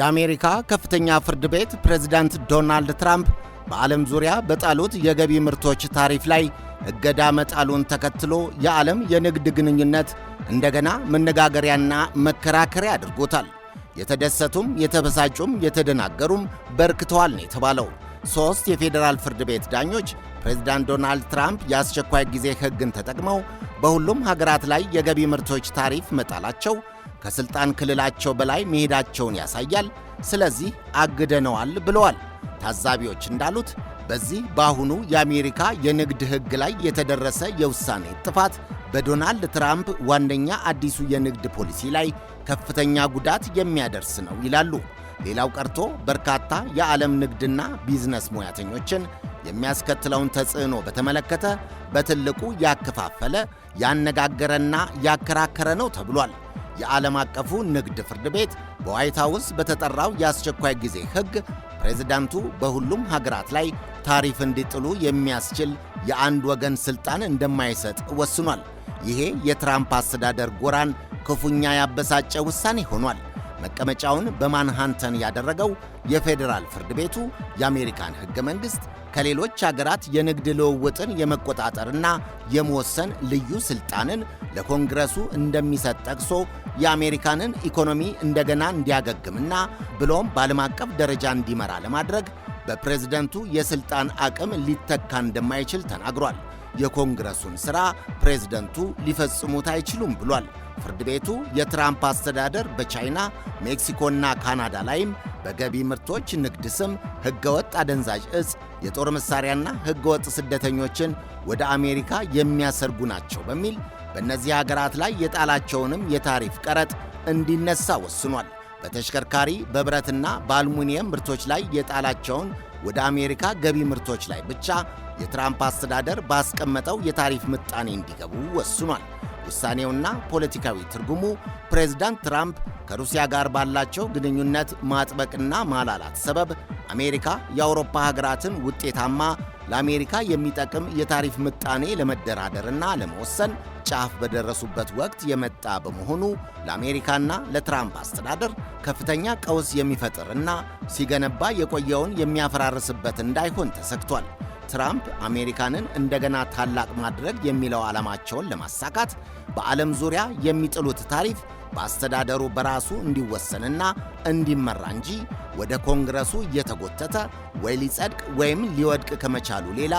የአሜሪካ ከፍተኛ ፍርድ ቤት ፕሬዝዳንት ዶናልድ ትራምፕ በዓለም ዙሪያ በጣሉት የገቢ ምርቶች ታሪፍ ላይ እገዳ መጣሉን ተከትሎ የዓለም የንግድ ግንኙነት እንደገና መነጋገሪያና መከራከሪያ አድርጎታል። የተደሰቱም የተበሳጩም የተደናገሩም በርክተዋል ነው የተባለው። ሦስት የፌዴራል ፍርድ ቤት ዳኞች ፕሬዝዳንት ዶናልድ ትራምፕ የአስቸኳይ ጊዜ ሕግን ተጠቅመው በሁሉም ሀገራት ላይ የገቢ ምርቶች ታሪፍ መጣላቸው ከሥልጣን ክልላቸው በላይ መሄዳቸውን ያሳያል። ስለዚህ አግደነዋል ብለዋል። ታዛቢዎች እንዳሉት በዚህ በአሁኑ የአሜሪካ የንግድ ሕግ ላይ የተደረሰ የውሳኔ ጥፋት በዶናልድ ትራምፕ ዋነኛ አዲሱ የንግድ ፖሊሲ ላይ ከፍተኛ ጉዳት የሚያደርስ ነው ይላሉ። ሌላው ቀርቶ በርካታ የዓለም ንግድና ቢዝነስ ሙያተኞችን የሚያስከትለውን ተጽዕኖ በተመለከተ በትልቁ ያከፋፈለ ያነጋገረና ያከራከረ ነው ተብሏል። የዓለም አቀፉ ንግድ ፍርድ ቤት በዋይት ሀውስ በተጠራው የአስቸኳይ ጊዜ ሕግ ፕሬዝዳንቱ በሁሉም ሀገራት ላይ ታሪፍ እንዲጥሉ የሚያስችል የአንድ ወገን ሥልጣን እንደማይሰጥ ወስኗል። ይሄ የትራምፕ አስተዳደር ጎራን ክፉኛ ያበሳጨ ውሳኔ ሆኗል። መቀመጫውን በማንሃንተን ያደረገው የፌዴራል ፍርድ ቤቱ የአሜሪካን ሕገ መንግሥት ከሌሎች አገራት የንግድ ልውውጥን የመቆጣጠርና የመወሰን ልዩ ሥልጣንን ለኮንግረሱ እንደሚሰጥ ጠቅሶ የአሜሪካንን ኢኮኖሚ እንደገና እንዲያገግምና ብሎም በዓለም አቀፍ ደረጃ እንዲመራ ለማድረግ በፕሬዝደንቱ የሥልጣን አቅም ሊተካ እንደማይችል ተናግሯል። የኮንግረሱን ሥራ ፕሬዝደንቱ ሊፈጽሙት አይችሉም ብሏል። ፍርድ ቤቱ የትራምፕ አስተዳደር በቻይና ሜክሲኮና ካናዳ ላይም በገቢ ምርቶች ንግድ ስም ሕገወጥ አደንዛዥ እጽ፣ የጦር መሳሪያና ሕገወጥ ስደተኞችን ወደ አሜሪካ የሚያሰርጉ ናቸው በሚል በእነዚህ ሀገራት ላይ የጣላቸውንም የታሪፍ ቀረጥ እንዲነሳ ወስኗል። በተሽከርካሪ በብረትና በአልሙኒየም ምርቶች ላይ የጣላቸውን ወደ አሜሪካ ገቢ ምርቶች ላይ ብቻ የትራምፕ አስተዳደር ባስቀመጠው የታሪፍ ምጣኔ እንዲገቡ ወስኗል። ውሳኔውና ፖለቲካዊ ትርጉሙ ፕሬዝዳንት ትራምፕ ከሩሲያ ጋር ባላቸው ግንኙነት ማጥበቅና ማላላት ሰበብ አሜሪካ የአውሮፓ ሀገራትን ውጤታማ ለአሜሪካ የሚጠቅም የታሪፍ ምጣኔ ለመደራደርና ለመወሰን ጫፍ በደረሱበት ወቅት የመጣ በመሆኑ ለአሜሪካና ለትራምፕ አስተዳደር ከፍተኛ ቀውስ የሚፈጥርና ሲገነባ የቆየውን የሚያፈራርስበት እንዳይሆን ተሰግቷል። ትራምፕ አሜሪካንን እንደገና ታላቅ ማድረግ የሚለው ዓላማቸውን ለማሳካት በዓለም ዙሪያ የሚጥሉት ታሪፍ በአስተዳደሩ በራሱ እንዲወሰንና እንዲመራ እንጂ ወደ ኮንግረሱ እየተጎተተ ወይ ሊጸድቅ ወይም ሊወድቅ ከመቻሉ ሌላ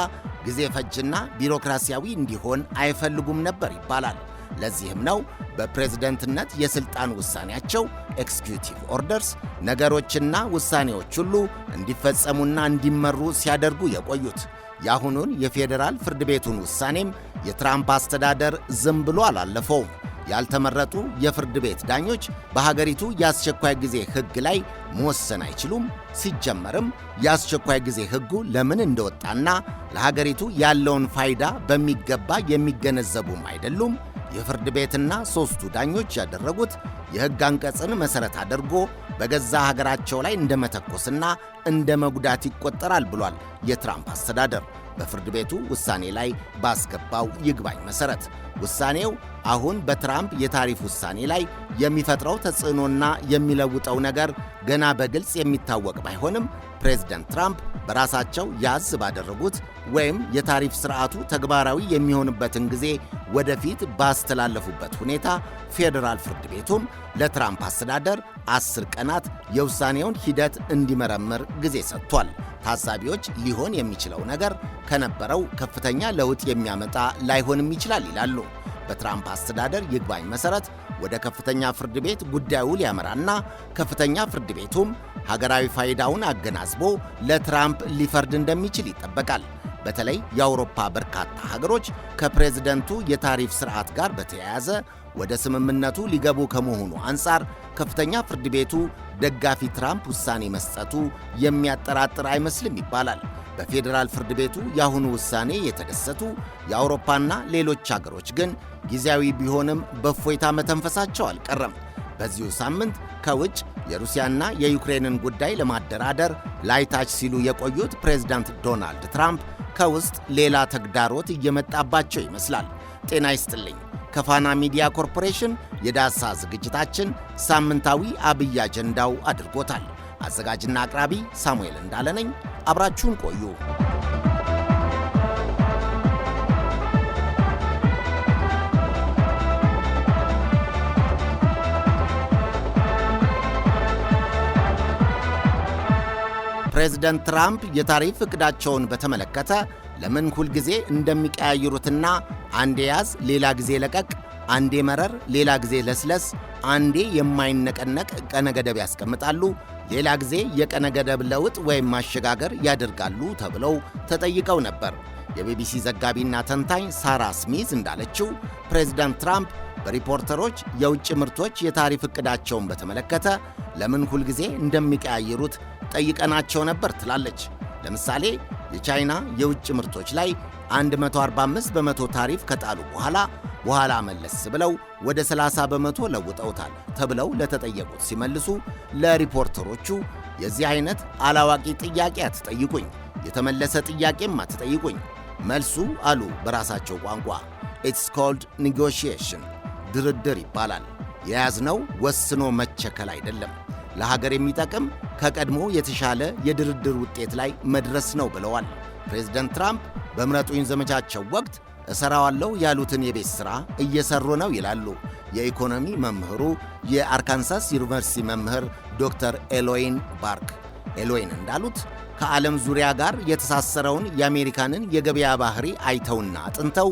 ጊዜ ፈጅና ቢሮክራሲያዊ እንዲሆን አይፈልጉም ነበር ይባላል። ለዚህም ነው በፕሬዝደንትነት የሥልጣን ውሳኔያቸው ኤክስኪዩቲቭ ኦርደርስ ነገሮችና ውሳኔዎች ሁሉ እንዲፈጸሙና እንዲመሩ ሲያደርጉ የቆዩት። የአሁኑን የፌዴራል ፍርድ ቤቱን ውሳኔም የትራምፕ አስተዳደር ዝም ብሎ አላለፈውም። ያልተመረጡ የፍርድ ቤት ዳኞች በሀገሪቱ የአስቸኳይ ጊዜ ሕግ ላይ መወሰን አይችሉም። ሲጀመርም የአስቸኳይ ጊዜ ሕጉ ለምን እንደወጣና ለሀገሪቱ ያለውን ፋይዳ በሚገባ የሚገነዘቡም አይደሉም። የፍርድ ቤትና ሦስቱ ዳኞች ያደረጉት የሕግ አንቀጽን መሠረት አድርጎ በገዛ ሀገራቸው ላይ እንደ መተኮስና እንደ መጉዳት ይቆጠራል ብሏል የትራምፕ አስተዳደር በፍርድ ቤቱ ውሳኔ ላይ ባስገባው ይግባኝ መሠረት ውሳኔው አሁን በትራምፕ የታሪፍ ውሳኔ ላይ የሚፈጥረው ተጽዕኖና የሚለውጠው ነገር ገና በግልጽ የሚታወቅ ባይሆንም ፕሬዝደንት ትራምፕ በራሳቸው ያዝ ባደረጉት ወይም የታሪፍ ስርዓቱ ተግባራዊ የሚሆንበትን ጊዜ ወደፊት ባስተላለፉበት ሁኔታ ፌዴራል ፍርድ ቤቱም ለትራምፕ አስተዳደር አስር ቀናት የውሳኔውን ሂደት እንዲመረምር ጊዜ ሰጥቷል። ታዛቢዎች ሊሆን የሚችለው ነገር ከነበረው ከፍተኛ ለውጥ የሚያመጣ ላይሆንም ይችላል ይላሉ። በትራምፕ አስተዳደር ይግባኝ መሠረት ወደ ከፍተኛ ፍርድ ቤት ጉዳዩ ሊያመራና ከፍተኛ ፍርድ ቤቱም ሀገራዊ ፋይዳውን አገናዝቦ ለትራምፕ ሊፈርድ እንደሚችል ይጠበቃል። በተለይ የአውሮፓ በርካታ ሀገሮች ከፕሬዝደንቱ የታሪፍ ስርዓት ጋር በተያያዘ ወደ ስምምነቱ ሊገቡ ከመሆኑ አንጻር ከፍተኛ ፍርድ ቤቱ ደጋፊ ትራምፕ ውሳኔ መስጠቱ የሚያጠራጥር አይመስልም ይባላል። በፌዴራል ፍርድ ቤቱ የአሁኑ ውሳኔ የተደሰቱ የአውሮፓና ሌሎች አገሮች ግን ጊዜያዊ ቢሆንም በእፎይታ መተንፈሳቸው አልቀረም። በዚሁ ሳምንት ከውጭ የሩሲያና የዩክሬንን ጉዳይ ለማደራደር ላይታች ሲሉ የቆዩት ፕሬዝዳንት ዶናልድ ትራምፕ ከውስጥ ሌላ ተግዳሮት እየመጣባቸው ይመስላል። ጤና ይስጥልኝ። ከፋና ሚዲያ ኮርፖሬሽን የዳሳ ዝግጅታችን ሳምንታዊ አብይ አጀንዳው አድርጎታል። አዘጋጅና አቅራቢ ሳሙኤል እንዳለ ነኝ። አብራችሁን ቆዩ። ፕሬዝደንት ትራምፕ የታሪፍ እቅዳቸውን በተመለከተ ለምን ሁልጊዜ እንደሚቀያይሩትና አንዴ ያዝ ሌላ ጊዜ ለቀቅ፣ አንዴ መረር ሌላ ጊዜ ለስለስ፣ አንዴ የማይነቀነቅ ቀነ ገደብ ያስቀምጣሉ ሌላ ጊዜ የቀነ ገደብ ለውጥ ወይም ማሸጋገር ያደርጋሉ ተብለው ተጠይቀው ነበር። የቢቢሲ ዘጋቢና ተንታኝ ሳራ ስሚዝ እንዳለችው ፕሬዚዳንት ትራምፕ በሪፖርተሮች የውጭ ምርቶች የታሪፍ እቅዳቸውን በተመለከተ ለምን ሁልጊዜ እንደሚቀያየሩት ጠይቀናቸው ነበር ትላለች። ለምሳሌ የቻይና የውጭ ምርቶች ላይ 145 በመቶ ታሪፍ ከጣሉ በኋላ በኋላ መለስ ብለው ወደ 30 በመቶ ለውጠውታል ተብለው ለተጠየቁት ሲመልሱ ለሪፖርተሮቹ የዚህ አይነት አላዋቂ ጥያቄ አትጠይቁኝ፣ የተመለሰ ጥያቄም አትጠይቁኝ። መልሱ አሉ በራሳቸው ቋንቋ ኢትስ ኮልድ ኒጎሺዬሽን ድርድር ይባላል። የያዝነው ወስኖ መቸከል አይደለም፣ ለሀገር የሚጠቅም ከቀድሞ የተሻለ የድርድር ውጤት ላይ መድረስ ነው ብለዋል ፕሬዚደንት ትራምፕ በምረጡኝ ዘመቻቸው ወቅት እሰራዋለሁ ያሉትን የቤት ሥራ እየሰሩ ነው ይላሉ የኢኮኖሚ መምህሩ የአርካንሳስ ዩኒቨርሲቲ መምህር ዶክተር ኤሎይን ባርክ። ኤሎይን እንዳሉት ከዓለም ዙሪያ ጋር የተሳሰረውን የአሜሪካንን የገበያ ባህሪ አይተውና አጥንተው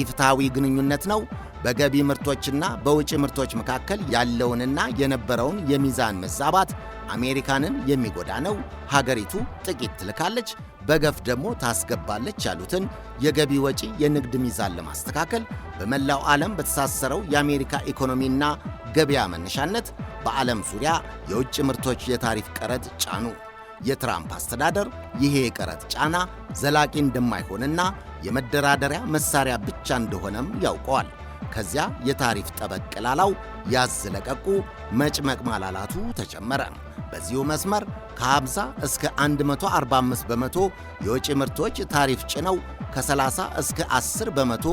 ኢፍትሐዊ ግንኙነት ነው በገቢ ምርቶችና በውጭ ምርቶች መካከል ያለውንና የነበረውን የሚዛን መዛባት አሜሪካንን የሚጎዳ ነው፣ ሀገሪቱ ጥቂት ትልካለች፣ በገፍ ደግሞ ታስገባለች ያሉትን የገቢ ወጪ የንግድ ሚዛን ለማስተካከል በመላው ዓለም በተሳሰረው የአሜሪካ ኢኮኖሚና ገበያ መነሻነት በዓለም ዙሪያ የውጭ ምርቶች የታሪፍ ቀረጥ ጫኑ። የትራምፕ አስተዳደር ይሄ የቀረጥ ጫና ዘላቂ እንደማይሆንና የመደራደሪያ መሳሪያ ብቻ እንደሆነም ያውቀዋል። ከዚያ የታሪፍ ጠበቅ ላላው ያዝ ለቀቁ መጭመቅ ማላላቱ ተጨመረ። በዚሁ መስመር ከ50 እስከ 145 በመቶ የወጪ ምርቶች ታሪፍ ጭነው ከ30 እስከ 10 በመቶ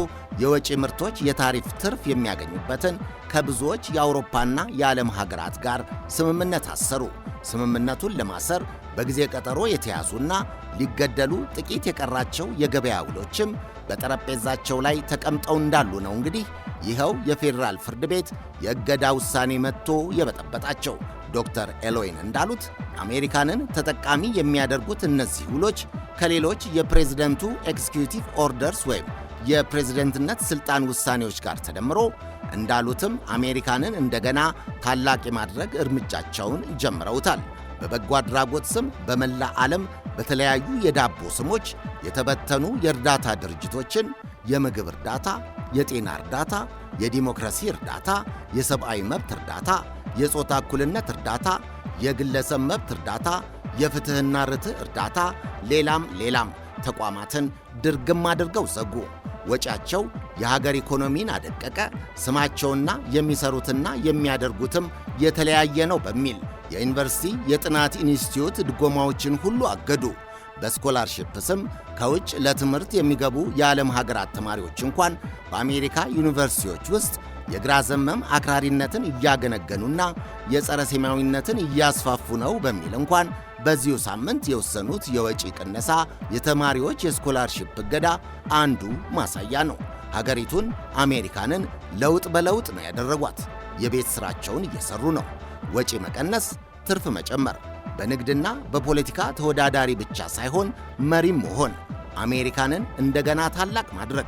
የወጪ ምርቶች የታሪፍ ትርፍ የሚያገኙበትን ከብዙዎች የአውሮፓና የዓለም ሀገራት ጋር ስምምነት አሰሩ። ስምምነቱን ለማሰር በጊዜ ቀጠሮ የተያዙና ሊገደሉ ጥቂት የቀራቸው የገበያ ውሎችም በጠረጴዛቸው ላይ ተቀምጠው እንዳሉ ነው እንግዲህ ይኸው የፌዴራል ፍርድ ቤት የእገዳ ውሳኔ መጥቶ የበጠበጣቸው። ዶክተር ኤሎይን እንዳሉት አሜሪካንን ተጠቃሚ የሚያደርጉት እነዚህ ውሎች ከሌሎች የፕሬዝደንቱ ኤክስኪዩቲቭ ኦርደርስ ወይም የፕሬዝደንትነት ሥልጣን ውሳኔዎች ጋር ተደምሮ እንዳሉትም አሜሪካንን እንደገና ታላቅ የማድረግ እርምጃቸውን ጀምረውታል። በበጎ አድራጎት ስም በመላ ዓለም በተለያዩ የዳቦ ስሞች የተበተኑ የእርዳታ ድርጅቶችን የምግብ እርዳታ፣ የጤና እርዳታ፣ የዲሞክራሲ እርዳታ፣ የሰብአዊ መብት እርዳታ፣ የጾታ እኩልነት እርዳታ፣ የግለሰብ መብት እርዳታ፣ የፍትሕና ርትዕ እርዳታ፣ ሌላም ሌላም ተቋማትን ድርግም አድርገው ዘጉ። ወጪያቸው የሀገር ኢኮኖሚን አደቀቀ፣ ስማቸውና የሚሰሩትና የሚያደርጉትም የተለያየ ነው በሚል የዩኒቨርሲቲ የጥናት ኢንስቲትዩት ድጎማዎችን ሁሉ አገዱ። በስኮላርሺፕ ስም ከውጭ ለትምህርት የሚገቡ የዓለም ሀገራት ተማሪዎች እንኳን በአሜሪካ ዩኒቨርሲቲዎች ውስጥ የግራ ዘመም አክራሪነትን እያገነገኑና የጸረ ሴማዊነትን እያስፋፉ ነው በሚል እንኳን በዚሁ ሳምንት የወሰኑት የወጪ ቅነሳ የተማሪዎች የስኮላርሺፕ እገዳ አንዱ ማሳያ ነው። ሀገሪቱን አሜሪካንን ለውጥ በለውጥ ነው ያደረጓት። የቤት ሥራቸውን እየሠሩ ነው። ወጪ መቀነስ፣ ትርፍ መጨመር በንግድና በፖለቲካ ተወዳዳሪ ብቻ ሳይሆን መሪም መሆን፣ አሜሪካንን እንደገና ታላቅ ማድረግ።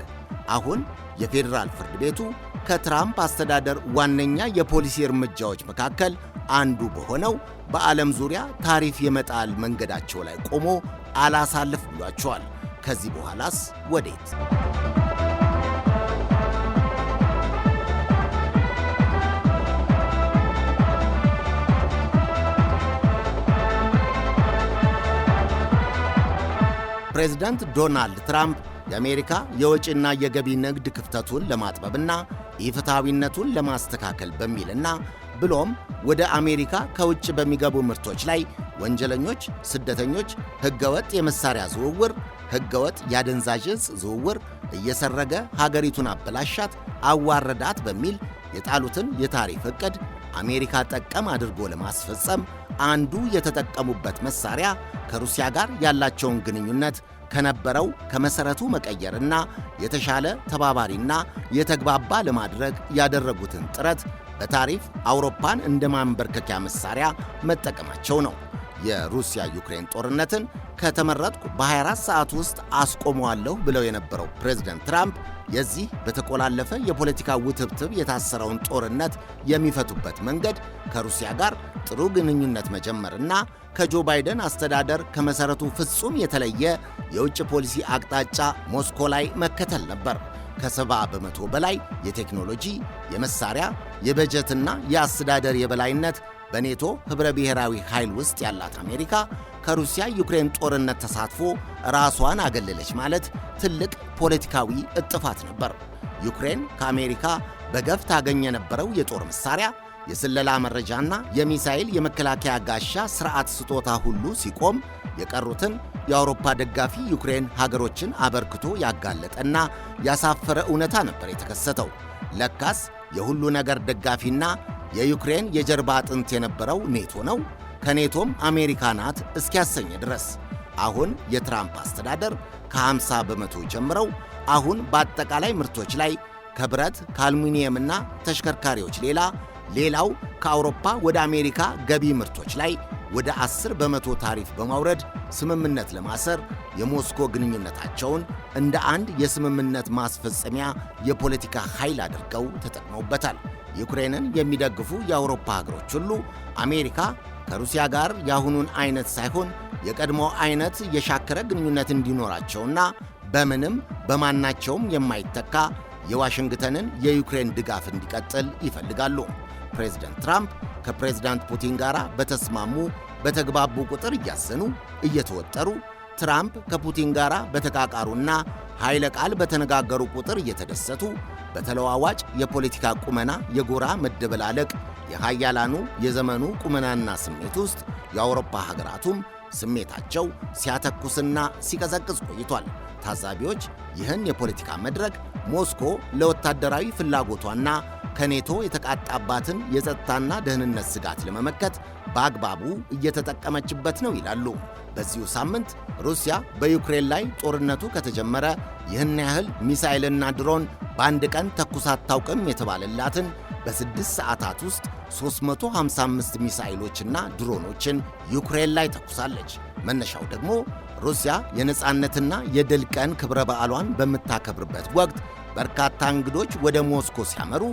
አሁን የፌዴራል ፍርድ ቤቱ ከትራምፕ አስተዳደር ዋነኛ የፖሊሲ እርምጃዎች መካከል አንዱ በሆነው በዓለም ዙሪያ ታሪፍ የመጣል መንገዳቸው ላይ ቆሞ አላሳልፍ ብሏቸዋል። ከዚህ በኋላስ ወዴት? ፕሬዝደንት ዶናልድ ትራምፕ የአሜሪካ የወጪና የገቢ ንግድ ክፍተቱን ለማጥበብና ኢፍትሐዊነቱን ለማስተካከል በሚልና ብሎም ወደ አሜሪካ ከውጭ በሚገቡ ምርቶች ላይ ወንጀለኞች፣ ስደተኞች፣ ሕገወጥ የመሳሪያ ዝውውር፣ ሕገወጥ የአደንዛዥ ዝውውር እየሰረገ ሀገሪቱን አበላሻት፣ አዋረዳት በሚል የጣሉትን የታሪፍ ዕቅድ አሜሪካ ጠቀም አድርጎ ለማስፈጸም አንዱ የተጠቀሙበት መሳሪያ ከሩሲያ ጋር ያላቸውን ግንኙነት ከነበረው ከመሰረቱ መቀየርና የተሻለ ተባባሪና የተግባባ ለማድረግ ያደረጉትን ጥረት በታሪፍ አውሮፓን እንደ ማንበርከኪያ መሳሪያ መጠቀማቸው ነው። የሩሲያ ዩክሬን ጦርነትን ከተመረጥኩ በ24 ሰዓት ውስጥ አስቆመዋለሁ ብለው የነበረው ፕሬዝደንት ትራምፕ የዚህ በተቆላለፈ የፖለቲካ ውትብትብ የታሰረውን ጦርነት የሚፈቱበት መንገድ ከሩሲያ ጋር ጥሩ ግንኙነት መጀመርና ከጆ ባይደን አስተዳደር ከመሠረቱ ፍጹም የተለየ የውጭ ፖሊሲ አቅጣጫ ሞስኮ ላይ መከተል ነበር። ከሰባ በመቶ በላይ የቴክኖሎጂ፣ የመሳሪያ፣ የበጀትና የአስተዳደር የበላይነት በኔቶ ኅብረ ብሔራዊ ኃይል ውስጥ ያላት አሜሪካ ከሩሲያ ዩክሬን ጦርነት ተሳትፎ ራሷን አገለለች ማለት ትልቅ ፖለቲካዊ እጥፋት ነበር። ዩክሬን ከአሜሪካ በገፍ ታገኝ የነበረው የጦር መሳሪያ፣ የስለላ መረጃና የሚሳኤል የመከላከያ ጋሻ ስርዓት ስጦታ ሁሉ ሲቆም የቀሩትን የአውሮፓ ደጋፊ ዩክሬን ሀገሮችን አበርክቶ ያጋለጠና ያሳፈረ እውነታ ነበር የተከሰተው። ለካስ የሁሉ ነገር ደጋፊና የዩክሬን የጀርባ አጥንት የነበረው ኔቶ ነው። ከኔቶም አሜሪካ ናት እስኪያሰኝ ድረስ አሁን የትራምፕ አስተዳደር ከ50 በመቶ ጀምረው አሁን በአጠቃላይ ምርቶች ላይ ከብረት ከአልሙኒየምና ተሽከርካሪዎች ሌላ ሌላው ከአውሮፓ ወደ አሜሪካ ገቢ ምርቶች ላይ ወደ 10 በመቶ ታሪፍ በማውረድ ስምምነት ለማሰር የሞስኮ ግንኙነታቸውን እንደ አንድ የስምምነት ማስፈጸሚያ የፖለቲካ ኃይል አድርገው ተጠቅመውበታል። ዩክሬንን የሚደግፉ የአውሮፓ ሀገሮች ሁሉ አሜሪካ ከሩሲያ ጋር የአሁኑን አይነት ሳይሆን የቀድሞ አይነት የሻከረ ግንኙነት እንዲኖራቸውና በምንም በማናቸውም የማይተካ የዋሽንግተንን የዩክሬን ድጋፍ እንዲቀጥል ይፈልጋሉ። ፕሬዚደንት ትራምፕ ከፕሬዝዳንት ፑቲን ጋር በተስማሙ በተግባቡ ቁጥር እያሰኑ እየተወጠሩ ትራምፕ ከፑቲን ጋር በተቃቃሩና ኃይለ ቃል በተነጋገሩ ቁጥር እየተደሰቱ በተለዋዋጭ የፖለቲካ ቁመና የጎራ መደበላለቅ የሃያላኑ የዘመኑ ቁመናና ስሜት ውስጥ የአውሮፓ ሀገራቱም ስሜታቸው ሲያተኩስና ሲቀዘቅዝ ቆይቷል። ታዛቢዎች ይህን የፖለቲካ መድረክ ሞስኮ ለወታደራዊ ፍላጎቷና ከኔቶ የተቃጣባትን የጸጥታና ደህንነት ስጋት ለመመከት በአግባቡ እየተጠቀመችበት ነው ይላሉ። በዚሁ ሳምንት ሩሲያ በዩክሬን ላይ ጦርነቱ ከተጀመረ ይህን ያህል ሚሳይልና ድሮን በአንድ ቀን ተኩስ አታውቅም የተባለላትን በስድስት ሰዓታት ውስጥ 355 ሚሳይሎችና ድሮኖችን ዩክሬን ላይ ተኩሳለች። መነሻው ደግሞ ሩሲያ የነፃነትና የድል ቀን ክብረ በዓሏን በምታከብርበት ወቅት በርካታ እንግዶች ወደ ሞስኮ ሲያመሩ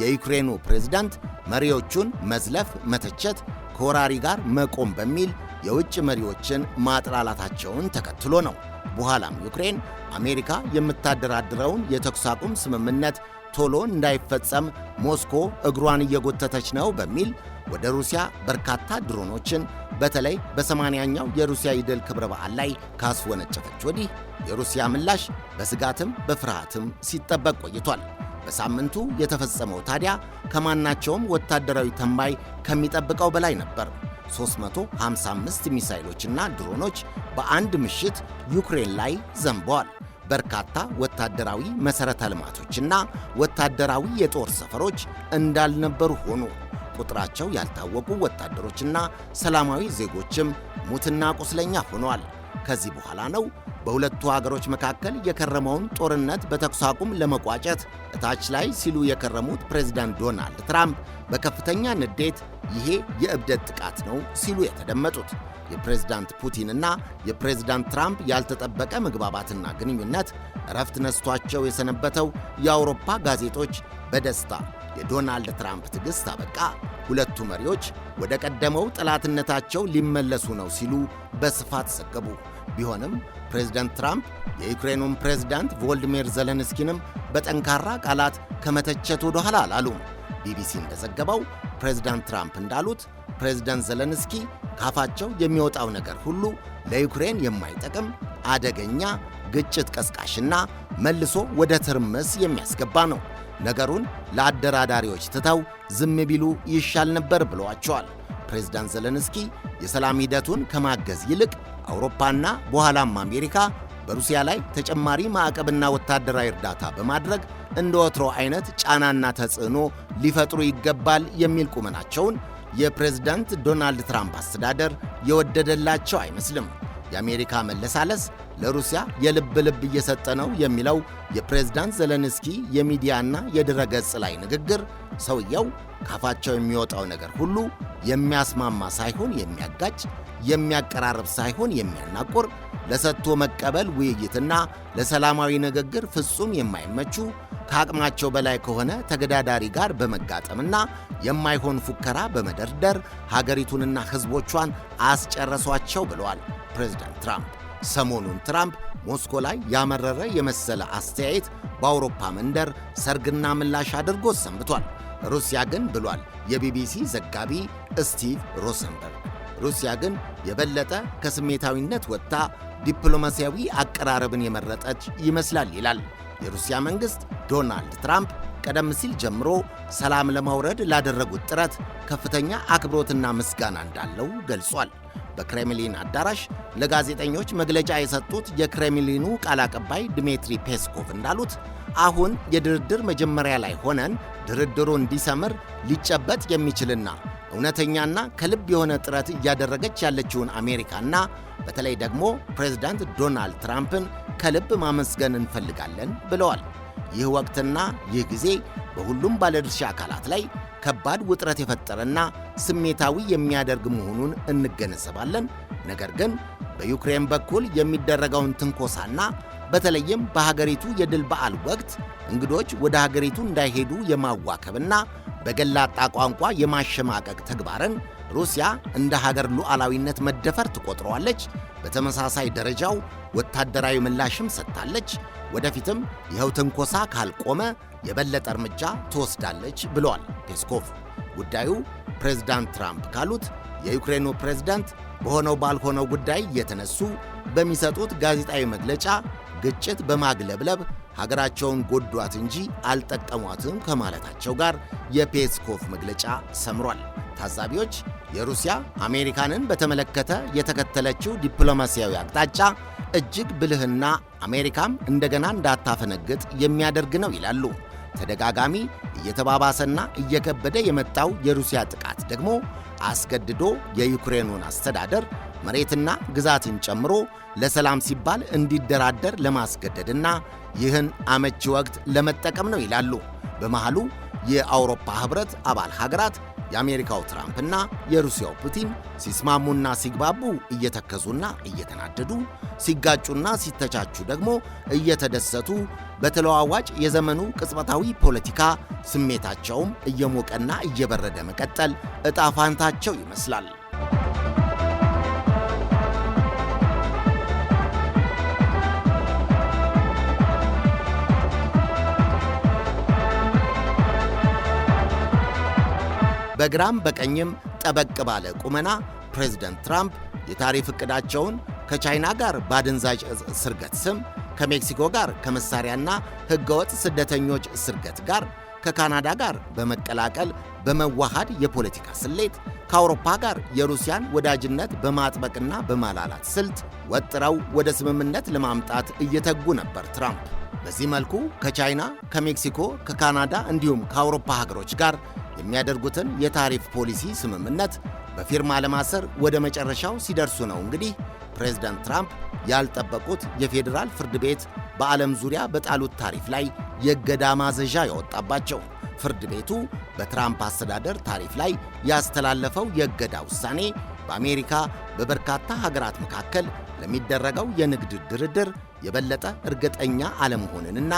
የዩክሬኑ ፕሬዝዳንት መሪዎቹን መዝለፍ፣ መተቸት፣ ከወራሪ ጋር መቆም በሚል የውጭ መሪዎችን ማጥላላታቸውን ተከትሎ ነው። በኋላም ዩክሬን አሜሪካ የምታደራድረውን የተኩስ አቁም ስምምነት ቶሎ እንዳይፈጸም ሞስኮ እግሯን እየጎተተች ነው በሚል ወደ ሩሲያ በርካታ ድሮኖችን በተለይ በሰማንያኛው የሩሲያ የድል ክብረ በዓል ላይ ካስወነጨፈች ወዲህ የሩሲያ ምላሽ በስጋትም በፍርሃትም ሲጠበቅ ቆይቷል። በሳምንቱ የተፈጸመው ታዲያ ከማናቸውም ወታደራዊ ተንባይ ከሚጠብቀው በላይ ነበር። 355 ሚሳይሎችና ድሮኖች በአንድ ምሽት ዩክሬን ላይ ዘንበዋል። በርካታ ወታደራዊ መሠረተ ልማቶችና ወታደራዊ የጦር ሰፈሮች እንዳልነበሩ ሆኑ። ቁጥራቸው ያልታወቁ ወታደሮችና ሰላማዊ ዜጎችም ሙትና ቁስለኛ ሆኗል። ከዚህ በኋላ ነው በሁለቱ ሀገሮች መካከል የከረመውን ጦርነት በተኩስ አቁም ለመቋጨት እታች ላይ ሲሉ የከረሙት ፕሬዚዳንት ዶናልድ ትራምፕ በከፍተኛ ንዴት ይሄ የእብደት ጥቃት ነው ሲሉ የተደመጡት። የፕሬዝዳንት ፑቲንና የፕሬዝዳንት ትራምፕ ያልተጠበቀ መግባባትና ግንኙነት እረፍት ነስቷቸው የሰነበተው የአውሮፓ ጋዜጦች በደስታ የዶናልድ ትራምፕ ትዕግሥት አበቃ፣ ሁለቱ መሪዎች ወደ ቀደመው ጠላትነታቸው ሊመለሱ ነው ሲሉ በስፋት ዘገቡ። ቢሆንም ፕሬዝደንት ትራምፕ የዩክሬኑን ፕሬዝዳንት ቮልዲሚር ዘለንስኪንም በጠንካራ ቃላት ከመተቸት ወደ ኋላ አላሉም። ቢቢሲ እንደዘገበው ፕሬዝዳንት ትራምፕ እንዳሉት ፕሬዝደንት ዘለንስኪ ካፋቸው የሚወጣው ነገር ሁሉ ለዩክሬን የማይጠቅም አደገኛ፣ ግጭት ቀስቃሽና መልሶ ወደ ትርምስ የሚያስገባ ነው። ነገሩን ለአደራዳሪዎች ትተው ዝም ቢሉ ይሻል ነበር ብለዋቸዋል። ፕሬዝዳንት ዘለንስኪ የሰላም ሂደቱን ከማገዝ ይልቅ አውሮፓና በኋላም አሜሪካ በሩሲያ ላይ ተጨማሪ ማዕቀብና ወታደራዊ እርዳታ በማድረግ እንደ ወትሮ አይነት ጫናና ተጽዕኖ ሊፈጥሩ ይገባል የሚል ቁመናቸውን የፕሬዝዳንት ዶናልድ ትራምፕ አስተዳደር የወደደላቸው አይመስልም። የአሜሪካ መለሳለስ ለሩሲያ የልብ ልብ እየሰጠ ነው የሚለው የፕሬዝዳንት ዘለንስኪ የሚዲያና የድረገጽ ላይ ንግግር ሰውየው ካፋቸው የሚወጣው ነገር ሁሉ የሚያስማማ ሳይሆን የሚያጋጭ፣ የሚያቀራርብ ሳይሆን የሚያናቁር፣ ለሰጥቶ መቀበል ውይይትና ለሰላማዊ ንግግር ፍጹም የማይመቹ ከአቅማቸው በላይ ከሆነ ተገዳዳሪ ጋር በመጋጠምና የማይሆን ፉከራ በመደርደር ሀገሪቱንና ሕዝቦቿን አስጨረሷቸው ብለዋል ፕሬዝዳንት ትራምፕ። ሰሞኑን ትራምፕ ሞስኮ ላይ ያመረረ የመሰለ አስተያየት በአውሮፓ መንደር ሰርግና ምላሽ አድርጎ ሰንብቷል። ሩሲያ ግን ብሏል የቢቢሲ ዘጋቢ ስቲቭ ሮሰንበርግ። ሩሲያ ግን የበለጠ ከስሜታዊነት ወጥታ ዲፕሎማሲያዊ አቀራረብን የመረጠች ይመስላል ይላል። የሩሲያ መንግሥት ዶናልድ ትራምፕ ቀደም ሲል ጀምሮ ሰላም ለማውረድ ላደረጉት ጥረት ከፍተኛ አክብሮትና ምስጋና እንዳለው ገልጿል። በክሬምሊን አዳራሽ ለጋዜጠኞች መግለጫ የሰጡት የክሬምሊኑ ቃል አቀባይ ድሜትሪ ፔስኮቭ እንዳሉት አሁን የድርድር መጀመሪያ ላይ ሆነን ድርድሩ እንዲሰምር ሊጨበጥ የሚችልና እውነተኛና ከልብ የሆነ ጥረት እያደረገች ያለችውን አሜሪካና በተለይ ደግሞ ፕሬዚዳንት ዶናልድ ትራምፕን ከልብ ማመስገን እንፈልጋለን ብለዋል። ይህ ወቅትና ይህ ጊዜ በሁሉም ባለድርሻ አካላት ላይ ከባድ ውጥረት የፈጠረና ስሜታዊ የሚያደርግ መሆኑን እንገነዘባለን። ነገር ግን በዩክሬን በኩል የሚደረገውን ትንኮሳና በተለይም በሀገሪቱ የድል በዓል ወቅት እንግዶች ወደ ሀገሪቱ እንዳይሄዱ የማዋከብና በገላጣ ቋንቋ የማሸማቀቅ ተግባርን ሩሲያ እንደ ሀገር ሉዓላዊነት መደፈር ትቆጥረዋለች። በተመሳሳይ ደረጃው ወታደራዊ ምላሽም ሰጥታለች። ወደፊትም ይኸው ትንኮሳ ካልቆመ የበለጠ እርምጃ ትወስዳለች ብለዋል ፔስኮቭ። ጉዳዩ ፕሬዝዳንት ትራምፕ ካሉት የዩክሬኑ ፕሬዝዳንት በሆነው ባልሆነው ጉዳይ እየተነሱ በሚሰጡት ጋዜጣዊ መግለጫ ግጭት በማግለብለብ ሀገራቸውን ጎዷት እንጂ አልጠቀሟትም ከማለታቸው ጋር የፔስኮቭ መግለጫ ሰምሯል። ታዛቢዎች የሩሲያ አሜሪካንን በተመለከተ የተከተለችው ዲፕሎማሲያዊ አቅጣጫ እጅግ ብልህና አሜሪካም እንደገና እንዳታፈነግጥ የሚያደርግ ነው ይላሉ። ተደጋጋሚ እየተባባሰና እየከበደ የመጣው የሩሲያ ጥቃት ደግሞ አስገድዶ የዩክሬኑን አስተዳደር መሬትና ግዛትን ጨምሮ ለሰላም ሲባል እንዲደራደር ለማስገደድና ይህን አመቺ ወቅት ለመጠቀም ነው ይላሉ። በመሃሉ የአውሮፓ ኅብረት አባል ሀገራት የአሜሪካው ትራምፕና የሩሲያው ፑቲን ሲስማሙና ሲግባቡ እየተከዙና እየተናደዱ ሲጋጩና ሲተቻቹ ደግሞ እየተደሰቱ በተለዋዋጭ የዘመኑ ቅጽበታዊ ፖለቲካ ስሜታቸውም እየሞቀና እየበረደ መቀጠል እጣፋንታቸው ፋንታቸው ይመስላል። በግራም በቀኝም ጠበቅ ባለ ቁመና ፕሬዚደንት ትራምፕ የታሪፍ ዕቅዳቸውን ከቻይና ጋር በአደንዛዥ ስርገት ስም ከሜክሲኮ ጋር ከመሳሪያና ሕገወጥ ስደተኞች ስርገት ጋር ከካናዳ ጋር በመቀላቀል በመዋሃድ የፖለቲካ ስሌት ከአውሮፓ ጋር የሩሲያን ወዳጅነት በማጥበቅና በማላላት ስልት ወጥረው ወደ ስምምነት ለማምጣት እየተጉ ነበር ትራምፕ። በዚህ መልኩ ከቻይና፣ ከሜክሲኮ፣ ከካናዳ እንዲሁም ከአውሮፓ ሀገሮች ጋር የሚያደርጉትን የታሪፍ ፖሊሲ ስምምነት በፊርማ ለማሰር ወደ መጨረሻው ሲደርሱ ነው እንግዲህ ፕሬዝዳንት ትራምፕ ያልጠበቁት የፌዴራል ፍርድ ቤት በዓለም ዙሪያ በጣሉት ታሪፍ ላይ የእገዳ ማዘዣ ያወጣባቸው። ፍርድ ቤቱ በትራምፕ አስተዳደር ታሪፍ ላይ ያስተላለፈው የእገዳ ውሳኔ በአሜሪካ በበርካታ ሀገራት መካከል ለሚደረገው የንግድ ድርድር የበለጠ እርግጠኛ አለመሆንንና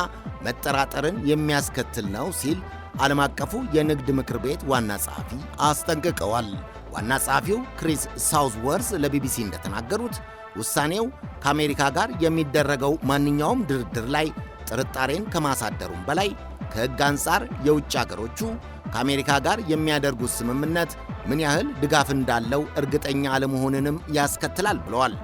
መጠራጠርን የሚያስከትል ነው ሲል ዓለም አቀፉ የንግድ ምክር ቤት ዋና ጸሐፊ አስጠንቅቀዋል። ዋና ጸሐፊው ክሪስ ሳውዝወርዝ ለቢቢሲ እንደተናገሩት ውሳኔው ከአሜሪካ ጋር የሚደረገው ማንኛውም ድርድር ላይ ጥርጣሬን ከማሳደሩም በላይ ከሕግ አንጻር የውጭ አገሮቹ ከአሜሪካ ጋር የሚያደርጉት ስምምነት ምን ያህል ድጋፍ እንዳለው እርግጠኛ አለመሆንንም ያስከትላል ብለዋል።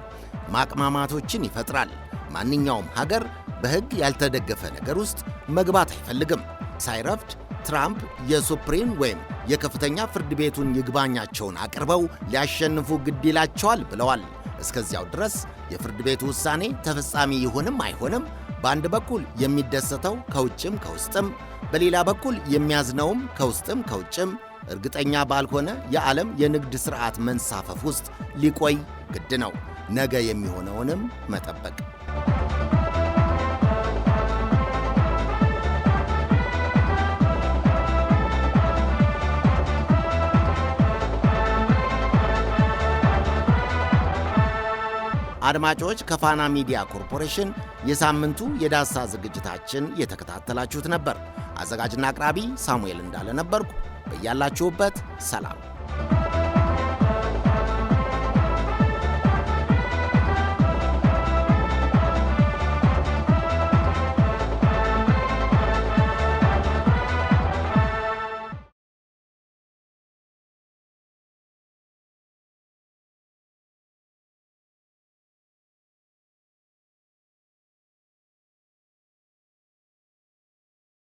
ማቅማማቶችን ይፈጥራል። ማንኛውም ሀገር በሕግ ያልተደገፈ ነገር ውስጥ መግባት አይፈልግም። ሳይረፍድ ትራምፕ የሱፕሪም ወይም የከፍተኛ ፍርድ ቤቱን ይግባኛቸውን አቅርበው ሊያሸንፉ ግድ ይላቸዋል ብለዋል። እስከዚያው ድረስ የፍርድ ቤቱ ውሳኔ ተፈጻሚ ይሆንም አይሆንም፣ በአንድ በኩል የሚደሰተው ከውጭም ከውስጥም፣ በሌላ በኩል የሚያዝነውም ከውስጥም ከውጭም እርግጠኛ ባልሆነ የዓለም የንግድ ሥርዓት መንሳፈፍ ውስጥ ሊቆይ ግድ ነው። ነገ የሚሆነውንም መጠበቅ አድማጮች ከፋና ሚዲያ ኮርፖሬሽን የሳምንቱ የዳሰሳ ዝግጅታችን የተከታተላችሁት ነበር። አዘጋጅና አቅራቢ ሳሙኤል እንዳለ ነበርኩ። በያላችሁበት ሰላም